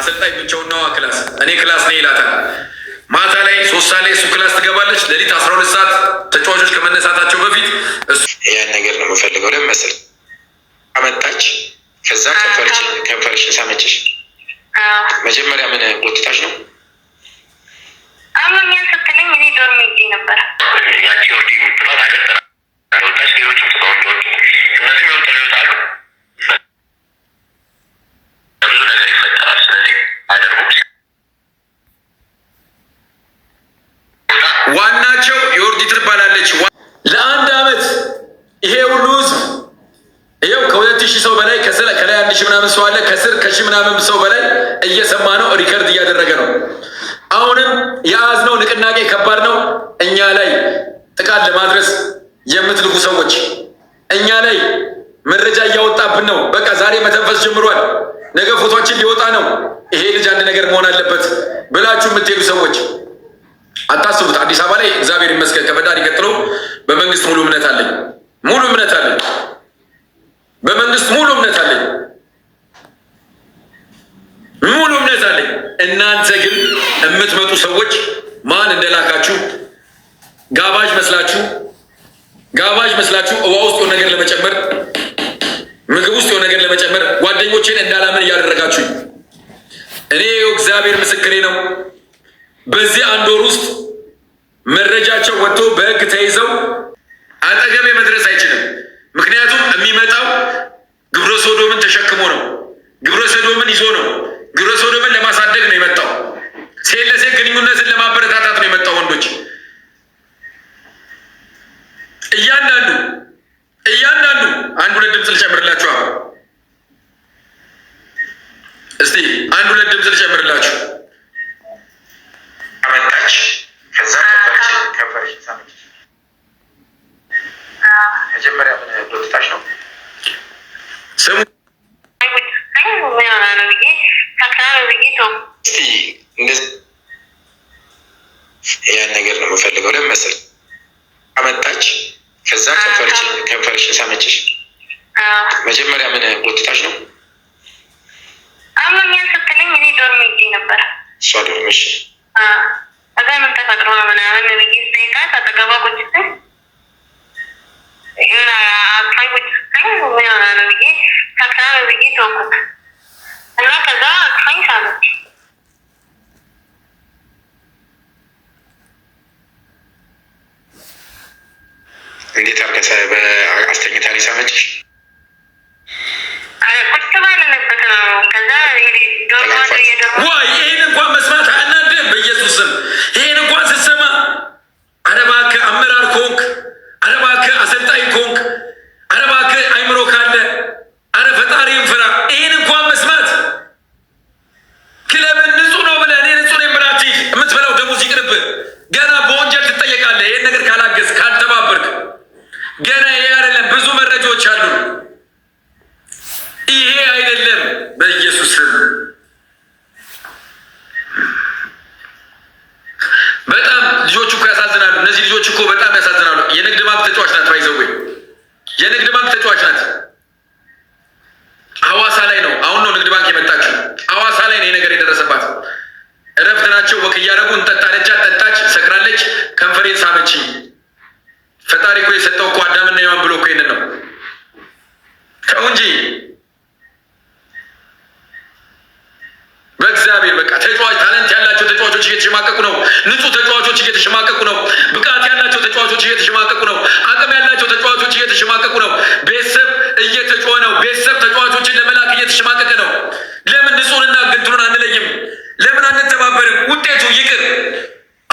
አሰልጣኝ ብቻውን ክላስ እኔ ክላስ ነኝ ይላታል። ማታ ላይ ሶስት ሰዓት ላይ እሱ ክላስ ትገባለች። ሌሊት አስራ ሁለት ሰዓት ተጫዋቾች ከመነሳታቸው በፊት እሱ ያን ነገር ነው የምፈልገው ለምን መሰለኝ አመጣች። ከዛ ከንፈርሽን ሳመችሽ መጀመሪያ ምን ጎትታች ነው አሁን ስትልኝ እኔ ዶርም ይዤ ነበር ሌሎችም ይቻላል። ስለዚህ አደርጉ ዋናቸው የወርዲ ትባላለች። ለአንድ አመት ይሄ ሁሉ ህዝብ ይኸው ከሁለት ሺህ ሰው በላይ ከላይ አንድ ሺህ ምናምን ሰው አለ። ከስር ከሺህ ምናምን ሰው በላይ እየሰማ ነው፣ ሪከርድ እያደረገ ነው። አሁንም የያዝነው ንቅናቄ ከባድ ነው። እኛ ላይ ጥቃት ለማድረስ የምትልኩ ሰዎች እኛ ላይ መረጃ እያወጣብን ነው። በቃ ዛሬ መተንፈስ ጀምሯል። ነገ ፎቶችን ሊወጣ ነው፣ ይሄ ልጅ አንድ ነገር መሆን አለበት ብላችሁ የምትሄዱ ሰዎች አታስቡት። አዲስ አበባ ላይ እግዚአብሔር ይመስገን ከፈጣሪ ቀጥሎ በመንግስት ሙሉ እምነት አለኝ፣ ሙሉ እምነት አለኝ፣ በመንግስት ሙሉ እምነት አለኝ፣ ሙሉ እምነት አለኝ። እናንተ ግን የምትመጡ ሰዎች ማን እንደላካችሁ ጋባዥ መስላችሁ ጋባዥ መስላችሁ እዋ ውስጥ ነገር ለመጨመር ምግብ ውስጥ የሆነ ነገር ለመጨመር ጓደኞቼን እንዳላምን እያደረጋችሁኝ፣ እኔ እግዚአብሔር ምስክሬ ነው። በዚህ አንድ ወር ውስጥ መረጃቸው ወጥቶ በህግ ተይዘው አጠገቤ መድረስ አይችልም። ምክንያቱም የሚመጣው ግብረ ሶዶምን ተሸክሞ ነው። ግብረ ሶዶምን ይዞ ነው። ግብረ ሶዶምን ለማሳደግ ነው የመጣው። ሴት ለሴት ግንኙነትን ለማበረታታት ነው የመጣው። ወንዶች እያንዳንዱ እያንዳንዱ አንድ ሁለት ድምፅ ልጨምርላችሁ። እስቲ አንድ ሁለት ድምፅ ልጨምርላችሁ። አመጣች ከዛ መጀመሪያ ያን ነገር ነው የምፈልገው ለመሰል አመጣች ከዛ ከንፈርሽ ሳመችሽ። መጀመሪያ ምን ጎትታሽ ነው? አሁን ያን ስትለኝ እኔ ዶርም ሄጄ ነበር። እሷ ዶርም እሺ። እዛ ምን ተፈጥሮ ነው ምናምን ብዬ ስጠይቃት አጠገቧ ቁጭ ስትል የሆነ ቁጭ ስትል ምን ሆና ነው ብዬ ተክራ ነው ብዬ ተውኩት እና ከዛ ሳኝ ሳመች እንዴት አርገሰ አስተኝታ ሊሳመችሽ ወይ ይህን እንኳን መስማት አናደም። ስም ይህን እንኳን ስትሰማ አረ እባክህ አመራር ኮንክ፣ አረ እባክህ አሰልጣኝ ኮንክ Get a ነው እንጂ በእግዚአብሔር በቃ ተጫዋች ታለንት ያላቸው ተጫዋቾች እየተሸማቀቁ ነው። ንጹህ ተጫዋቾች እየተሸማቀቁ ነው። ብቃት ያላቸው ተጫዋቾች እየተሸማቀቁ ነው። አቅም ያላቸው ተጫዋቾች እየተሸማቀቁ ነው። ቤተሰብ እየተጮኸ ነው። ቤተሰብ ተጫዋቾችን ለመላክ እየተሸማቀቀ ነው። ለምን ንጹህንና ግንትኑን አንለይም? ለምን አንተባበርም? ውጤቱ ይቅር።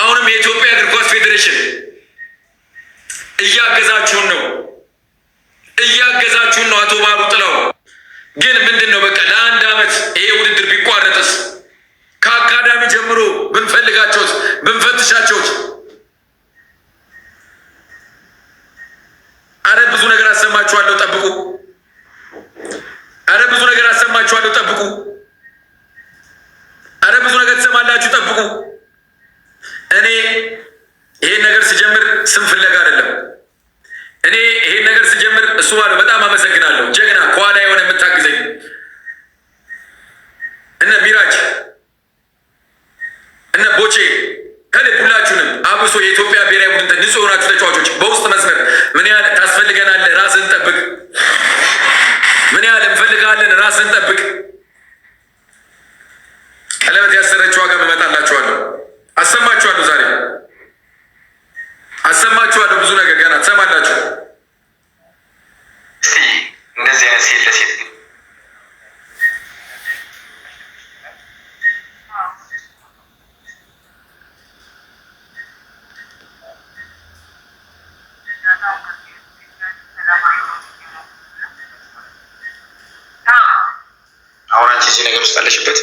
አሁንም የኢትዮጵያ እግር ኳስ ፌዴሬሽን እያገዛችሁን ነው። እያገዛችሁን ነው። አቶ ባሩ ጥለው ግን ምንድን ነው በቃ ለአንድ ዓመት ይሄ ውድድር ቢቋረጥስ ከአካዳሚ ጀምሮ ብንፈልጋቸውት ብንፈትሻቸውት አረ ብዙ ነገር አሰማችኋለሁ ጠብቁ። አረ ብዙ ነገር አሰማችኋለሁ ጠብቁ። አረ ብዙ ነገር ትሰማላችሁ ጠብቁ። እኔ ይሄን ነገር ስጀምር ስም ፍለጋ አይደለም። እኔ ይሄን ነገር እሱ ባለው በጣም አመሰግናለሁ። ጀግና ከኋላ የሆነ የምታግዘኝ እነ ሚራጅ እነ ቦቼ ከልብ ሁላችሁንም አብሶ የኢትዮጵያ ብሔራዊ ቡድን ንጹህ የሆናችሁ ተጫዋቾች በውስጥ መስመር ምን ያህል ታስፈልገናለህ? ራስን ጠብቅ። ምን ያህል እንፈልጋለን? ራስን ጠብቅ። ቀለበት ያሰረችው ዋጋ መመጣላችኋለሁ፣ አሰማችኋለሁ፣ ዛሬ አሰማችኋለሁ። ብዙ ነገር ገና ትሰማላችሁ። እንደዚህ አይነት ሴት ለሴት አሁን አንቺ እዚህ ነገር ውስጥ አለሽበት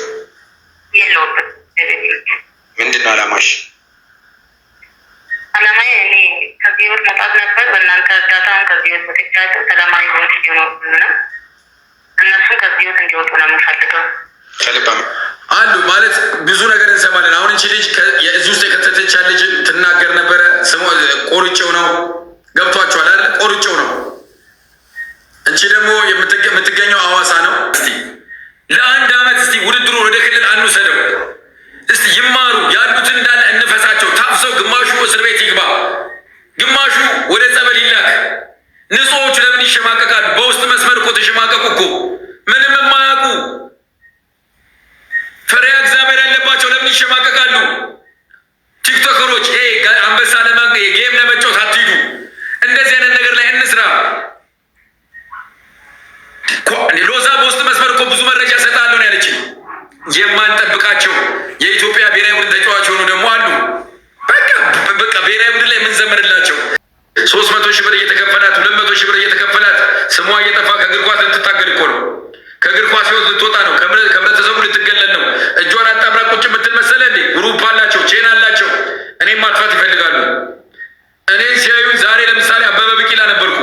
እኔ ሲያዩ ዛሬ ለምሳሌ አበበ ቢቂላ ነበርኩ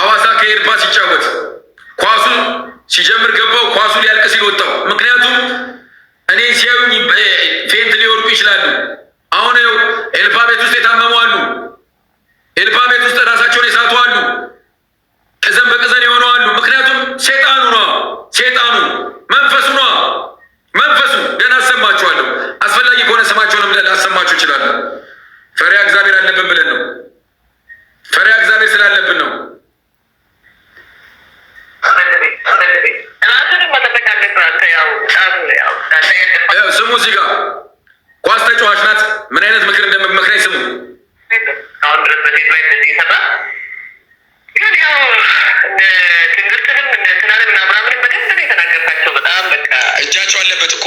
አዋሳ ከኤርፓ ሲጫወት ኳሱ ሲጀምር ገባው፣ ኳሱ ሊያልቅ ሲል ወጣው። ምክንያቱም እኔ ሲያዩኝ ፌንት ሊወድቁ ይችላሉ። አሁን ው ኤልፓ ቤት ውስጥ የታመሙ አሉ። ኤልፓ ቤት ውስጥ ራሳቸውን የሳቱ አሉ። ቅዘን በቅዘን የሆኑ አሉ። ምክንያቱም ሴጣኑ ነ ሴጣኑ መንፈሱ ነ መንፈሱ ገና አሰማችኋለሁ። አስፈላጊ ከሆነ ስማቸውን አሰማችሁ ይችላሉ። ፈሪያ እግዚአብሔር አለብን ብለን ነው። ፈሪያ እግዚአብሔር ስላለብን ነው። ስሙ፣ እዚህ ጋር ኳስ ተጫዋች ናት። ምን አይነት ምክር እንደምመክረኝ ስሙ። አሁን ድረስ በሴት ላይ እንደዚህ ይሰጣል። ግን ያው ትንግርትንም ትናንም ናምናምን በደንብ ነው በጣም በቃ እጃቸው አለበት እኮ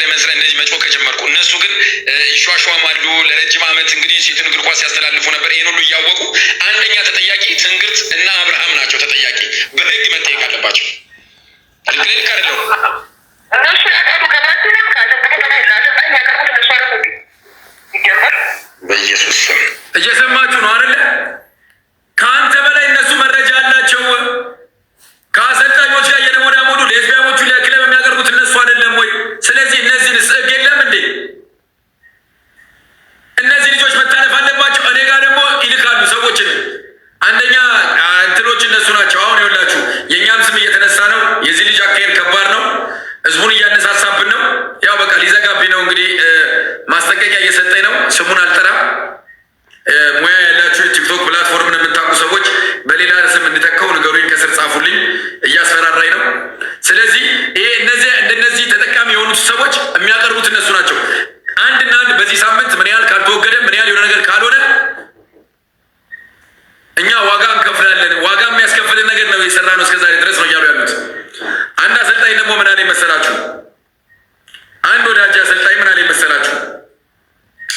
ላይ መስረ እንደዚህ መጮህ ከጀመርኩ እነሱ ግን ይሿሿም አሉ። ለረጅም ዓመት እንግዲህ ሴትን እግር ኳስ ያስተላልፉ ነበር። ይህን ሁሉ እያወቁ አንደኛ ተጠያቂ ትንግርት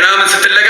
ምናምን ስትለቀ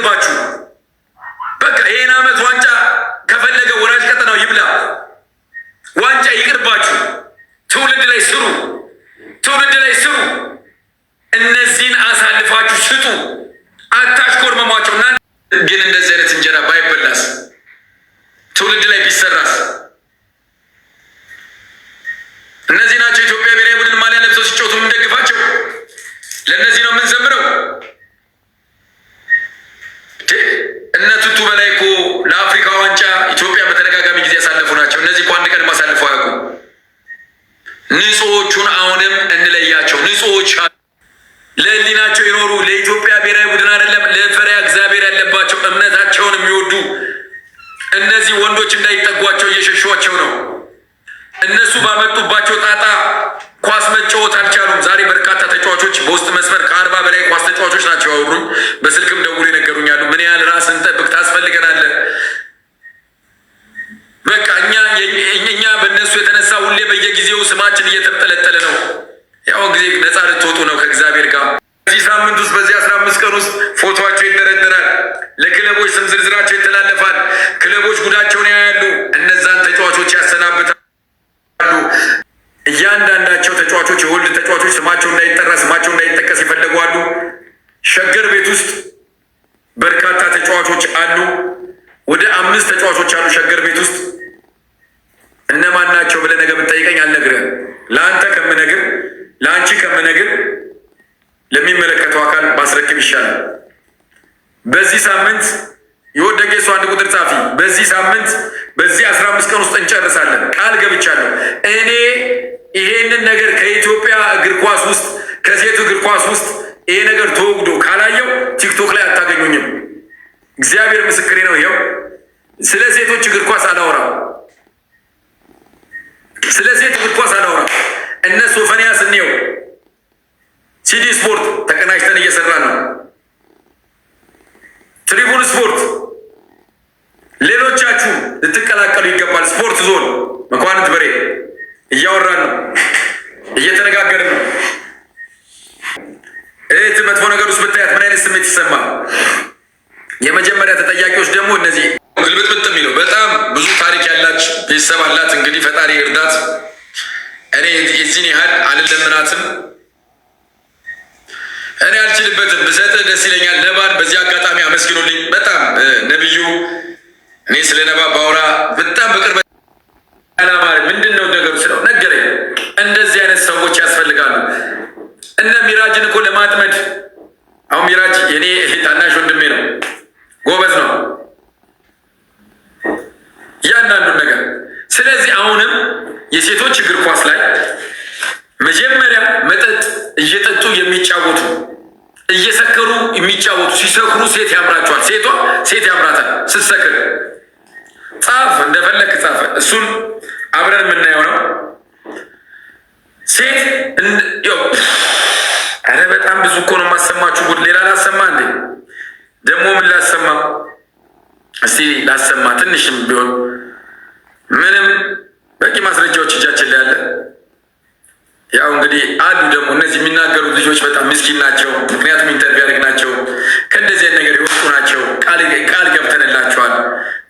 የለባችሁ። በቃ ይህን ዓመት ዋንጫ ከፈለገ ወራጅ ቀጠናው ይብላ። ዋንጫ ይቅርባችሁ። ትውልድ ላይ ስሩ፣ ትውልድ ላይ ስሩ። እነዚህን አሳልፋችሁ ስጡ። አታች ኮርመሟቸው። ግን እንደዚህ አይነት እንጀራ ባይበላስ ትውልድ ላይ ቢሰራስ ክፉዎቹን አሁንም እንለያቸው። ንጹሖች ለህሊናቸው ይኖሩ። ለኢትዮጵያ ብሔራዊ ቡድን አይደለም ለፈሪያ እግዚአብሔር ያለባቸው እምነታቸውን የሚወዱ እነዚህ ወንዶች እንዳይጠጓቸው እየሸሿቸው ነው። እነሱ ባመጡባቸው ጣጣ ኳስ መጫወት አልቻሉም። ዛሬ በርካታ ተጫዋቾች በውስጥ መስመር ከአርባ በላይ ኳስ ተጫዋቾች ናቸው ያወሩኝ። በስልክም ደውሎ ይነገሩኛሉ። ምን ያህል ራስን ጠብቅ ታስፈልገናለን በቃ እኛ እኛ በእነሱ የተነሳ ሁሌ በየጊዜው ስማችን እየተጠለጠለ ነው። ያው ጊዜ ነጻ ልትወጡ ነው ከእግዚአብሔር ጋር በዚህ ሳምንት ውስጥ በዚህ አስራ አምስት ቀን ውስጥ ፎቶቸው ይደረደራል። ለክለቦች ስም ዝርዝራቸው ይተላለፋል። ክለቦች ጉዳቸውን ያያሉ። እነዛን ተጫዋቾች ያሰናብታሉ። እያንዳንዳቸው ተጫዋቾች የወልድ ተጫዋቾች ስማቸው እንዳይጠራ ስማቸው እንዳይጠቀስ ይፈለጓሉ። ሸገር ቤት ውስጥ በርካታ ተጫዋቾች አሉ። ወደ አምስት ተጫዋቾች አሉ ሸገር ቤት ነገ ብጠይቀኝ አልነግርህም። ለአንተ ከምነግር ለአንቺ ከምነግር ለሚመለከተው አካል ማስረክብ ይሻላል። በዚህ ሳምንት የወደቀ የሰው አንድ ቁጥር ጻፊ በዚህ ሳምንት በዚህ አስራ አምስት ቀን ውስጥ እንጨርሳለን። ቃል ገብቻለሁ። እኔ ይሄንን ነገር ከኢትዮጵያ እግር ኳስ ውስጥ ከሴቱ እግር ኳስ ውስጥ ይሄ ነገር ተወግዶ ካላየው ቲክቶክ ላይ አታገኙኝም። እግዚአብሔር ምስክሬ ነው። ይኸው ስለ ሴቶች እግር ኳስ አላወራም። ስለዚህ እግር ኳስ አላወራም። እነ ሶፈንያስ እንየው ሲዲ ስፖርት ተቀናጅተን እየሰራን ነው። ትሪቡን ስፖርት ሌሎቻችሁ ልትቀላቀሉ ይገባል። ስፖርት ዞን መኳንንት በሬ እያወራን ነው፣ እየተነጋገርን ነው። እህት መጥፎ ነገር ውስጥ ብታያት ምን አይነት ስሜት ይሰማል? የመጀመሪያ ተጠያቂዎች ደግሞ እነዚህ ግልብጥብጥ የሚለው በጣም ብዙ ታሪክ ያላች ቤተሰብ አላት። እንግዲህ ፈጣሪ እርዳት። እኔ የዚህን ያህል አልለምናትም። እኔ አልችልበትም። ብሰጥህ ደስ ይለኛል። ነባን በዚህ አጋጣሚ አመስግኖልኝ በጣም ነብዩ እኔ ስለ ነባ ባውራ በጣም በቅርበት ምንድን ነው ነገሩ ስለው ነገረኝ። እንደዚህ አይነት ሰዎች ያስፈልጋሉ። እነ ሚራጅን እኮ ለማጥመድ አሁን ሚራጅ የኔ ታናሽ ወንድሜ ነው፣ ጎበዝ ነው እያንዳንዱን ነገር። ስለዚህ አሁንም የሴቶች እግር ኳስ ላይ መጀመሪያ መጠጥ እየጠጡ የሚጫወቱ እየሰከሩ የሚጫወቱ ሲሰክሩ ሴት ያምራቸዋል። ሴቷ ሴት ያምራታል ስትሰክር። ጻፍ፣ እንደፈለግ ጻፍ። እሱን አብረን የምናየው ነው። ሴት ኧረ በጣም ብዙ እኮ ነው የማሰማችሁ። ጉድ ሌላ ላሰማ እንዴ? ደግሞ ምን ላሰማ? እስቲ ላሰማ ትንሽም ቢሆን ምንም በቂ ማስረጃዎች እጃችን ላይ አለ። ያው እንግዲህ አንዱ ደግሞ እነዚህ የሚናገሩት ልጆች በጣም ምስኪን ናቸው። ምክንያቱም ኢንተርቪው ያደርግ ናቸው ከእንደዚህ ነገር የወጡ ናቸው። ቃል ገብተንላቸዋል።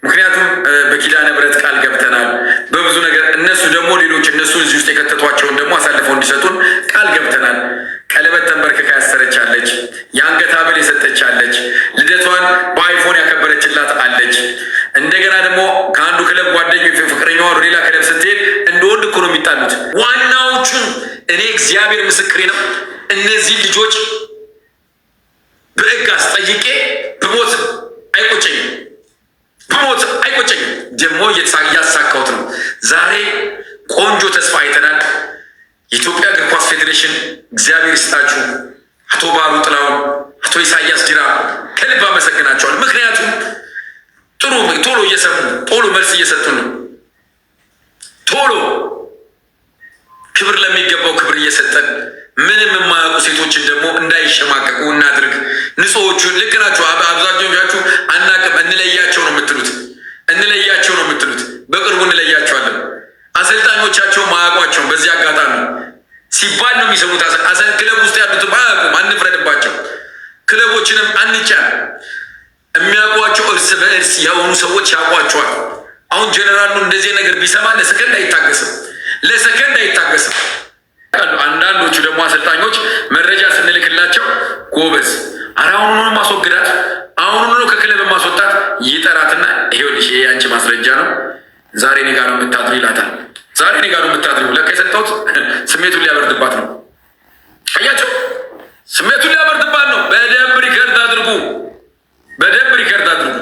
ምክንያቱም በኪዳነ ምሕረት ቃል ገብተናል በብዙ ነገር። እነሱ ደግሞ ሌሎች እነሱ እዚህ ውስጥ የከተቷቸውን ደግሞ አሳልፈው እንዲሰጡን ቃል ገብተናል። ቀለበት ተንበርክካ ያሰረቻለች፣ የአንገት ሀብል የሰጠቻለች ወደ ሌላ ክለብ ስትሄድ እንደ ወንድ እኮ ነው የሚጣሉት። ዋናዎቹን እኔ እግዚአብሔር ምስክሬ ነው። እነዚህ ልጆች በህግ አስጠይቄ ብሞት አይቆጨኝም፣ ብሞት አይቆጨኝም። ደግሞ እያሳካሁት ነው። ዛሬ ቆንጆ ተስፋ አይተናል። የኢትዮጵያ እግር ኳስ ፌዴሬሽን እግዚአብሔር ይስጣችሁ። አቶ ባህሩ ጥላውን፣ አቶ ኢሳያስ ጅራ ከልብ አመሰግናቸዋል። ምክንያቱም ጥሩ ቶሎ እየሰሙ ቶሎ መልስ እየሰጡ ነው። ቶሎ ክብር ለሚገባው ክብር እየሰጠን ምንም የማያውቁ ሴቶችን ደግሞ እንዳይሸማቀቁ እናድርግ። ንጹሖቹን ልክ ናቸው። አብዛኞቻችሁ አናቅም እንለያቸው ነው የምትሉት፣ እንለያቸው ነው የምትሉት። በቅርቡ እንለያቸዋለን። አሰልጣኞቻቸው ማያውቋቸውም። በዚህ አጋጣሚ ሲባል ነው የሚሰሙት። ክለብ ውስጥ ያሉትም አያውቁም። አንፍረድባቸው። ክለቦችንም አንጫ። የሚያውቋቸው እርስ በእርስ የሆኑ ሰዎች ያውቋቸዋል። አሁን ጀነራሉ እንደዚህ ነገር ቢሰማ ለሰከንድ አይታገስም፣ ለሰከንድ አይታገስም። አንዳንዶቹ ደግሞ አሰልጣኞች መረጃ ስንልክላቸው ጎበዝ፣ ኧረ አሁኑኑ ማስወግዳት፣ አሁኑኑ ከክለብ ማስወጣት ይጠራትና ይሄውልሽ፣ ይሄ አንቺ ማስረጃ ነው፣ ዛሬ እኔ ጋር ነው የምታድሩ ይላታል። ዛሬ እኔ ጋር ነው የምታድሩ። ለካ የሰጠሁት ስሜቱን ሊያበርድባት ነው። አያቸው ስሜቱን ሊያበርድባት ነው። በደንብ ሪከርድ አድርጉ፣ በደንብ ሪከርድ አድርጉ።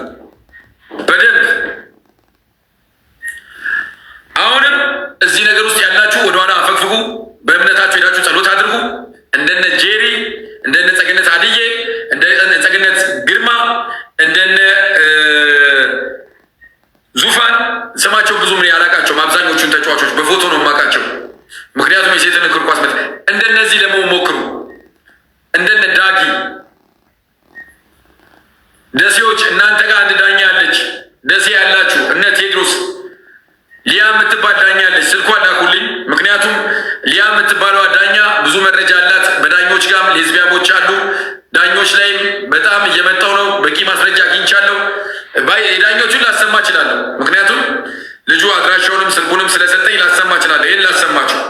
ቁጥሩንም ስልኩንም ስለሰጠኝ ላሰማ እችላለሁ። ይህን ላሰማችሁ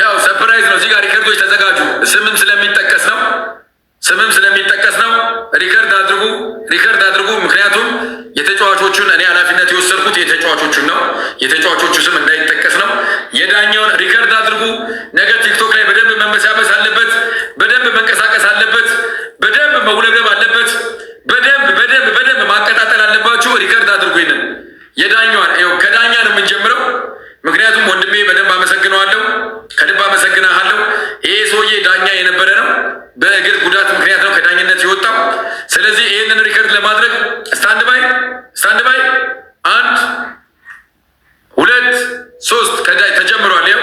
ያው ሰፕራይዝ ነው። እዚህ ጋር ሪከርዶች ተዘጋጁ። ስምም ስለሚጠቀስ ነው። ስምም ስለሚጠቀስ ነው። ሪከርድ አድርጉ፣ ሪከርድ አድርጉ። ምክንያቱም የተጫዋቾቹን እኔ ኃላፊነት የወሰድኩት የተጫዋቾቹን ነው። የተጫዋቾቹ የዳኛዋን ው ከዳኛ ነው የምንጀምረው። ምክንያቱም ወንድሜ በደንብ አመሰግነዋለሁ፣ ከልብ አመሰግናሃለሁ። ይሄ ሰውዬ ዳኛ የነበረ ነው። በእግር ጉዳት ምክንያት ነው ከዳኝነት የወጣው። ስለዚህ ይህንን ሪከርድ ለማድረግ ስታንድ ባይ ስታንድ ባይ አንድ ሁለት ሶስት ከዳይ ተጀምሯል ያው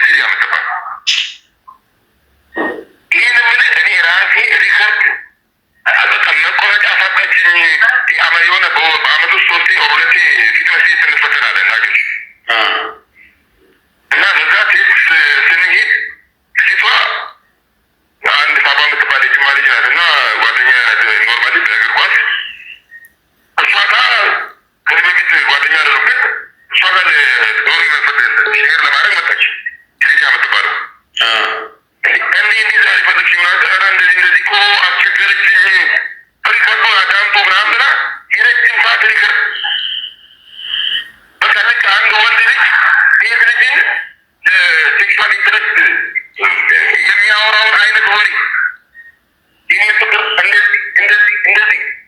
ainda digo,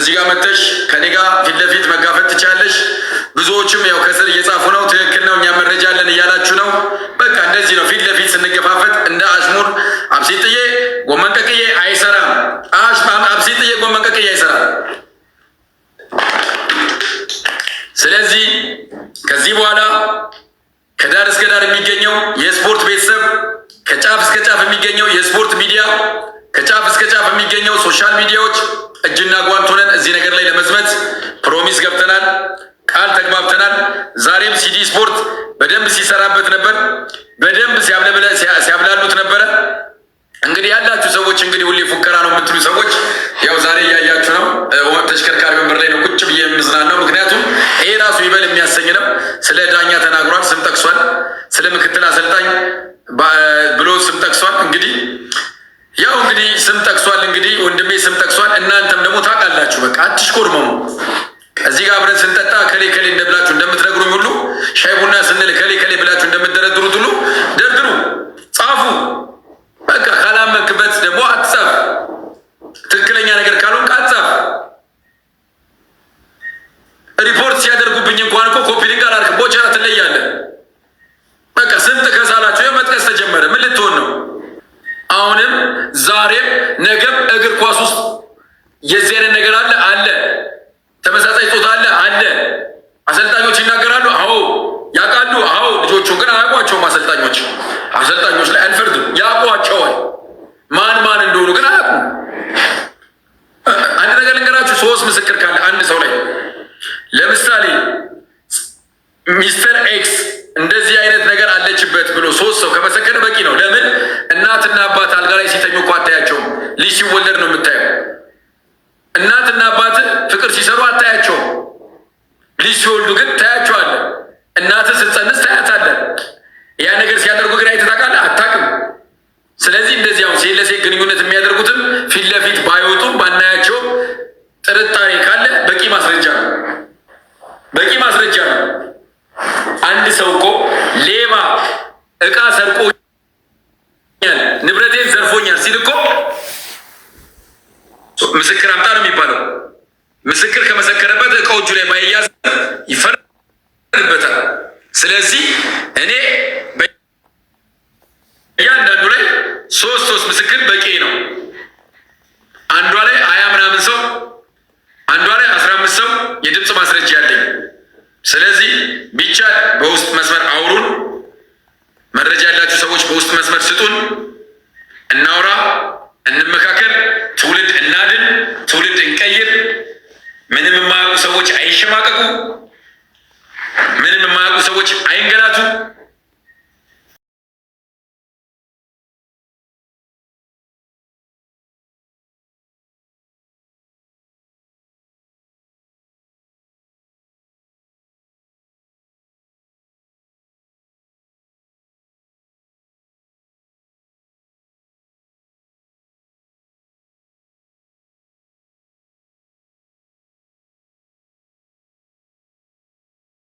እዚህ ጋር መተሽ ከኔ ጋር ፊት ለፊት መጋፈት ትቻለሽ። ብዙዎችም ያው ከስር እየጻፉ ነው፣ ትክክል ነው፣ እኛ መረጃ አለን እያላችሁ ነው። በቃ እንደዚህ ነው ፊት ለፊት ስንገፋፈጥ። እንደ አሽሙር አብሲጥዬ ጎመንቀቅዬ አይሰራም። አብሲጥዬ ጎመን ቀቅዬ አይሰራም። ስለዚህ ከዚህ በኋላ ከዳር እስከ ዳር የሚገኘው የስፖርት ቤተሰብ ከጫፍ እስከ ጫፍ የሚገኘው የስፖርት ሚዲያ ከጫፍ እስከ ጫፍ የሚገኘው ሶሻል ሚዲያዎች እጅና ጓንት ሆነን እዚህ ነገር ላይ ለመዝመት ፕሮሚስ ገብተናል፣ ቃል ተግባብተናል። ዛሬም ሲዲ ስፖርት በደንብ ሲሰራበት ነበር፣ በደንብ ሲያብላሉት ነበረ። እንግዲህ ያላችሁ ሰዎች እንግዲህ ሁሌ ፉከራ ነው የምትሉ ሰዎች ያው ዛሬ እያያችሁ ነው። ተሽከርካሪ ወንበር ላይ ነው ቁጭ ብዬ የምዝናናው። ምክንያቱም ይሄ ራሱ ይበል የሚያሰኝ ነው። ስለ ዳኛ ተናግሯል፣ ስም ጠቅሷል። ስለ ምክትል አሰልጣኝ ብሎ ስም ጠቅሷል። እንግዲህ ያው እንግዲህ ስም ጠቅሷል። እንግዲህ ወንድሜ ስም ጠቅሷል። እናንተም ደግሞ ታውቃላችሁ። በቃ አትሽኮርመሙ። እዚህ ጋር አብረን ስንጠጣ ከሌ ከሌ እንደብላችሁ እንደምትነግሩኝ ሁሉ ሻይ ቡና ስንል ከሌ ከሌ ብላችሁ እንደምትደረድሩት ሁሉ ደርድሩ፣ ጻፉ። በቃ ካላመንክበት ደግሞ አትጻፍ። ትክክለኛ ነገር ካልሆንክ አትጻፍ። ሪፖርት ሲያደርጉብኝ እንኳን እኮ ኮፒ ሊንክ አላርክ ቦቸራ ትለያለህ። በቃ ስንት ከሳላችሁ የመጥቀስ ተጀመረ። ምን ልትሆን ነው? አሁንም ዛሬም ነገም እግር ኳስ ውስጥ የዚህ አይነት ነገር አለ አለ። ተመሳሳይ ጾታ አለ አለ። አሰልጣኞች ይናገራሉ። አዎ ያውቃሉ። አዎ ልጆቹ ግን አያውቋቸውም። አሰልጣኞች አሰልጣኞች ላይ አንፈርድም። ያውቋቸዋል። ማን ማን እንደሆኑ ግን አያውቁም። አንድ ነገር ልንገራችሁ። ሶስት ምስክር ካለ አንድ ሰው ላይ ለምሳሌ ሚስተር ኤክስ እንደዚህ አይነት ነገር አለችበት ብሎ ሶስት ሰው ከመሰከረ በቂ ነው። ለምን እናትና አባት አልጋ ላይ ሲተኙ እኮ አታያቸውም። ልጅ ሲወለድ ነው የምታየው። እናትና አባት ፍቅር ሲሰሩ አታያቸውም። ልጅ ሲወልዱ ግን ታያቸዋለ እናትን ስትጸንስ ታያታለን። ያ ነገር ሲያደርጉ ግን አይተህ ታውቃለህ? አታውቅም። ስለዚህ እንደዚህ አሁን ሴት ለሴት ግንኙነት የሚያደርጉትም ፊት ለፊት ባይወጡም ባናያቸውም ጥርጣሬ ካለ በቂ ማስረጃ ነው። በቂ ማስረጃ ነው። አንድ ሰው እኮ ሌባ እቃ ሰርቆኛል፣ ንብረቴን ዘርፎኛል ሲል እኮ ምስክር አምጣ ነው የሚባለው። ምስክር ከመሰከረበት እቃው እጁ ላይ ባይያዝ ይፈርድበታል። ስለዚህ እኔ እያንዳንዱ ላይ ሶስት ሶስት ምስክር በቂ ነው። አንዷ ላይ ሀያ ምናምን ሰው፣ አንዷ ላይ አስራ አምስት ሰው የድምፅ ማስረጃ ያለ ስለዚህ ቢቻል በውስጥ መስመር አውሩን። መረጃ ያላችሁ ሰዎች በውስጥ መስመር ስጡን፣ እናውራ፣ እንመካከር፣ ትውልድ እናድን፣ ትውልድ እንቀይር። ምንም የማያውቁ ሰዎች አይሸማቀቁ፣ ምንም የማያውቁ ሰዎች አይንገላቱ።